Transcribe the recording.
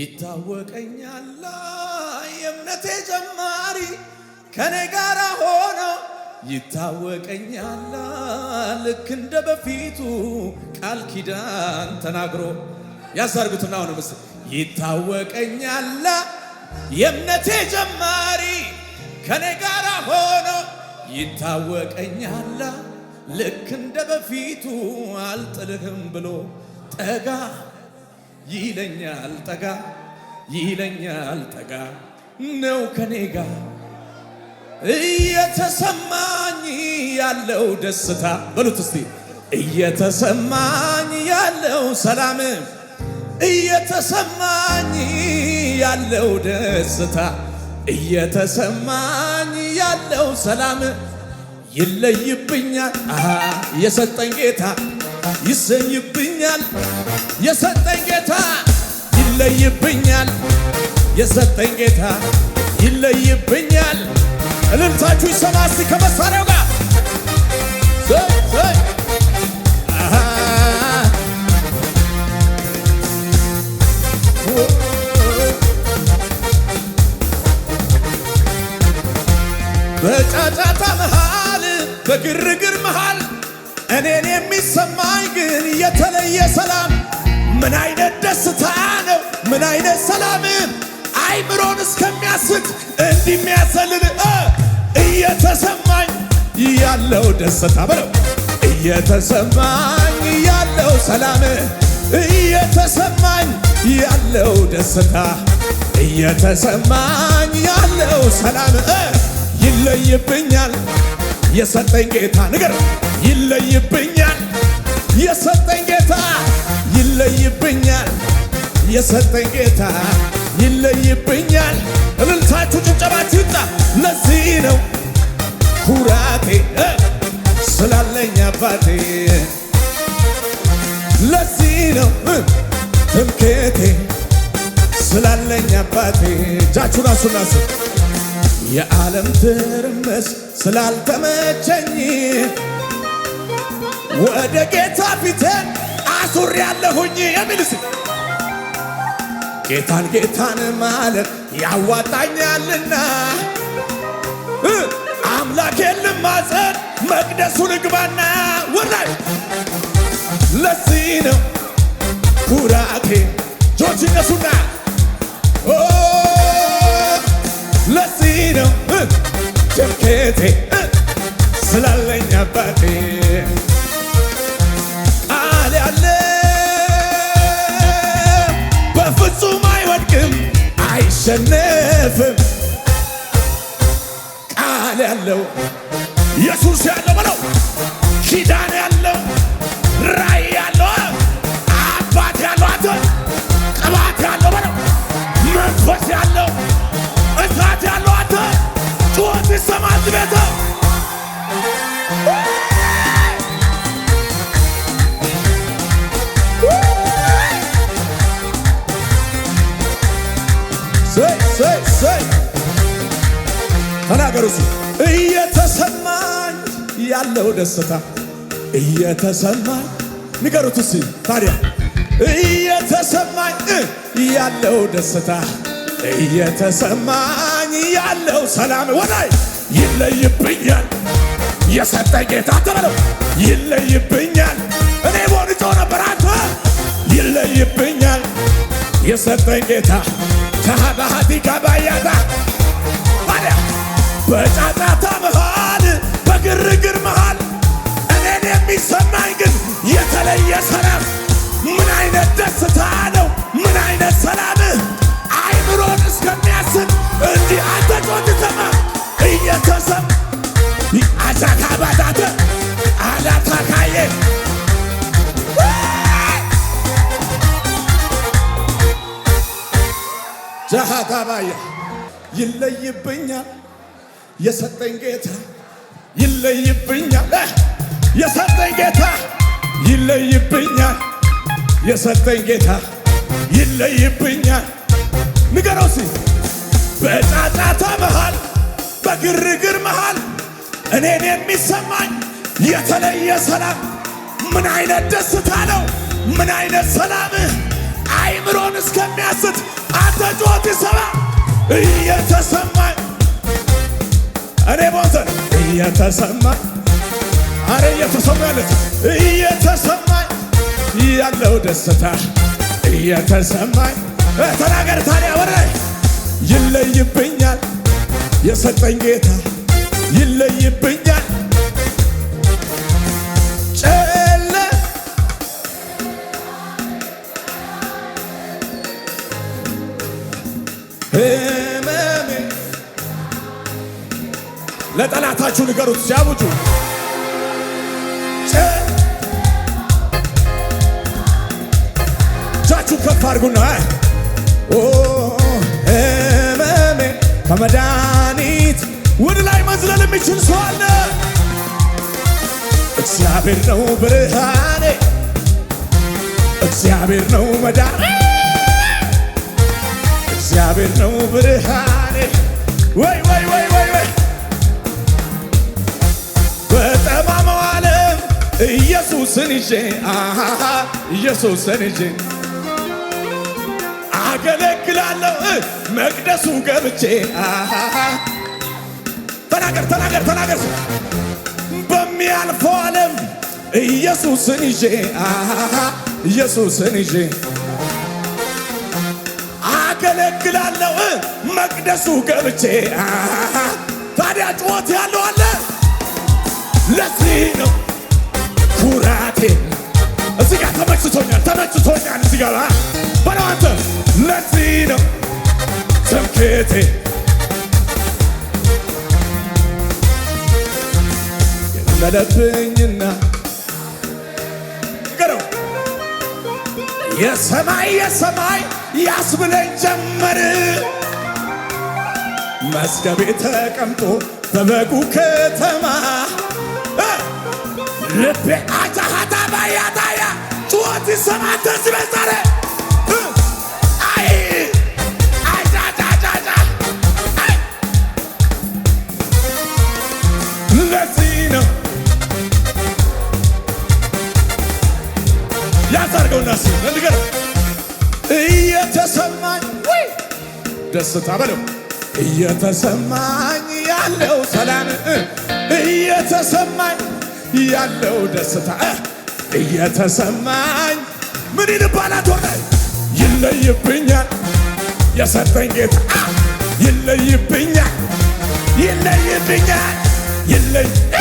ይታወቀኛል የእምነቴ ጀማሪ ከኔ ጋር ሆኖ ይታወቀኛል ልክ እንደ በፊቱ ቃል ኪዳን ተናግሮ ያሳርጉትና አሁን ምስ ይታወቀኛል የእምነቴ ጀማሪ ከኔ ጋር ሆኖ ይታወቀኛል ልክ እንደ በፊቱ አልጥልህም ብሎ ጠጋ ይለኛል ጠጋ ይለኛል ጠጋ ነው ከኔ ጋር እየተሰማኝ ያለው ደስታ በሉት እስቲ እየተሰማኝ ያለው ሰላም እየተሰማኝ ያለው ደስታ እየተሰማኝ ያለው ሰላም ይለይብኛል የሰጠኝ ጌታ ይሰይብኛል የሰጠኝ ጌታ ይለይብኛል የሰጠኝ ጌታ ይለይብኛል። እልልታችሁ ይሰማ እስቲ ከመሳሪያው ጋር በጫጫታ መሃል በግር እኔን የሚሰማኝ ግን የተለየ ሰላም ምን አይነት ደስታ ነው? ምን አይነት ሰላም አይምሮን እስከሚያስት እንዲህ የሚያሰልል እየተሰማኝ ያለው ደስታ በለው እየተሰማኝ ያለው ሰላም እየተሰማኝ ያለው ደስታ እየተሰማኝ ያለው ሰላም ይለይብኛል የሰጠኝ ጌታ ንገር ይለይብኛል የሰጠኝ ጌታ ይለይብኛል የሰጠኝ ጌታ ይለይብኛል። እልልታችሁ ጭብጨባችሁ ይምጣ። ለዚህ ነው ኩራቴ ስላለኝ አባቴ፣ ለዚህ ነው ትምክቴ ስላለኝ አባቴ። እጃችሁን አሱናሱ የዓለም ትርምስ ስላልተመቸኝ ወደ ጌታ ፊትን አሱር ያለሁኝ የሚልስ ጌታን ጌታን ማለት ያዋጣኛልና አምላኬን ልማጸን መቅደሱ ልግባና ወላይ ለዚህ ነው ኩራቴ ጆች እነሱና እህቴ ስላለኝ አባቴ አልያለ በፍጹም አይወድቅም አይሸነፍም ቃል ያለው ኢየሱስ ያለው በለው ተናገሩ እየተሰማኝ ያለው ደስታ እየተሰማኝ ንገሩት እስኪ ታዲያ እየተሰማኝ ያለው ደስታ እየተሰማኝ ያለው ሰላም ወላይ ይለይብኛል የሰጠ ጌታ ተበለው ይለይብኛል እኔ ቦን ጮ ነበር አንተ ይለይብኛል የሰጠ ጌታ ታሃባሃቲ ጋባያታ ታዲያ በጫጫታ መሃል በግርግር መሃል እኔን የሚሰማኝ ግን የተለየ ሰላም። ምን አይነት ደስታ ነው! ምን አይነት ሰላም! አይምሮን እስከሚያስብ እንዲህ አንተ ጮንተማ እየተሰማ አዛካ ባዳተ አላታካዬ ይለይብኛል የሰጠኝ ጌታ ይለይብኛል። የሰጠኝ ጌታ ይለይብኛል። የሰጠኝ ጌታ ይለይብኛል። ንገረው ሲ በጫጫታ መሃል በግርግር መሃል እኔን የሚሰማኝ የተለየ ሰላም ምን አይነት ደስታ ነው? ምን አይነት ሰላም አይምሮን እስከሚያስት አንተ ጮት ሰባ እየተሰማኝ እኔ ቦዘን እየተሰማኝ አረ እየተሰማለት እየተሰማኝ ያለው ደስታ እየተሰማኝ ተናገር ታዲያ ወላይ ይለይብኛል የሰጠኝ ጌታ ይለይብኛል ጨለ Hey ለጠላታችሁ ንገሩት ሲያውጁ እጃችሁን ከፍ አድርጉና ህመሜ ከመድኃኒት ወደ ላይ መዝለል የሚችል ሰው አለ። እግዚአብሔር ነው ብርሃኔ፣ እግዚአብሔር ነው መዳኔ፣ እግዚአብሔር ነው ብርሃኔ ወይ ወይ ወይ ወይ ኢየሱስን ይዤ ኢየሱስን ይዤ አገለግላለሁ መቅደሱ ገብቼ ተናገር ተናገር ተናገር በሚያልፈው ዓለም ኢየሱስን ይዤ ኢየሱስን ይዤ አገለግላለሁ መቅደሱ ገብቼ ታዲያ ጩኸት ያለው አለ ለዚህ ነው አባቴ እዚህ ጋር ተመችቶኛል፣ ተመችቶኛል። እዚህ ጋር በለው አንተ ለዚህ ነው ትምክቴ የለመደብኝና ገረው የሰማይ የሰማይ ያስብለኝ ጀመር መስገቤ ተቀምጦ በበጉ ከተማ ልቤ አጀ ሰባት ህዝብ ዛሬ እየተሰማኝ ደስታ በለው እየተሰማኝ ያለው ሰላም እየተሰማኝ ያለው ደስታ እየተሰማኝ ምን ይልባላት ሆነ ይለይብኛል የሰጠኝ ጌታ ይለይብኛል ይለይብኛል ይለይ